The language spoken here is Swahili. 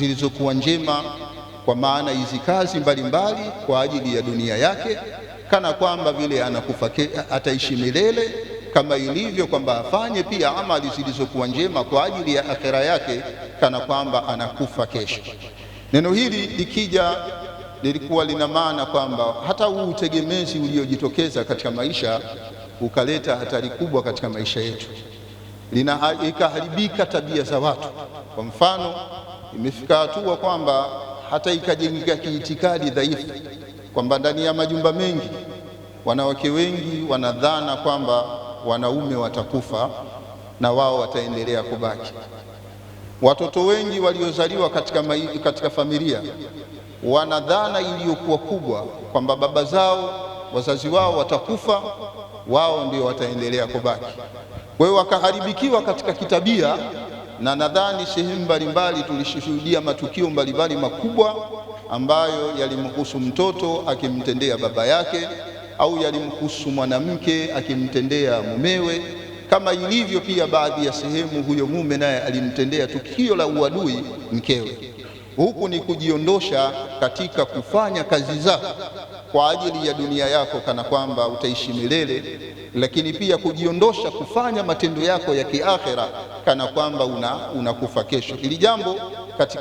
zilizokuwa njema, kwa maana hizi kazi mbalimbali mbali kwa ajili ya dunia yake, kana kwamba vile anakufa ataishi milele, kama ilivyo kwamba afanye pia amali zilizokuwa njema kwa ajili ya akhera yake, kana kwamba anakufa kesho. Neno hili likija lilikuwa lina maana kwamba hata huu utegemezi uliojitokeza katika maisha ukaleta hatari kubwa katika maisha yetu, lina ikaharibika tabia za watu. Kwa mfano imefika hatua kwamba hata ikajengika kiitikadi dhaifu kwamba ndani ya majumba mengi wanawake wengi wanadhana kwamba wanaume watakufa na wao wataendelea kubaki. Watoto wengi waliozaliwa katika, mai, katika familia wana dhana iliyokuwa kubwa kwamba baba zao wazazi wao watakufa, wao ndio wataendelea kubaki. Kwa hiyo wakaharibikiwa katika kitabia na nadhani sehemu mbalimbali tulishuhudia matukio mbalimbali makubwa ambayo yalimhusu mtoto akimtendea baba yake au yalimhusu mwanamke akimtendea mumewe, kama ilivyo pia baadhi ya sehemu huyo mume naye alimtendea tukio la uadui mkewe. Huku ni kujiondosha katika kufanya kazi zako kwa ajili ya dunia yako, kana kwamba utaishi milele, lakini pia kujiondosha kufanya matendo yako ya kiakhera, kana kwamba unakufa una kesho. Hili jambo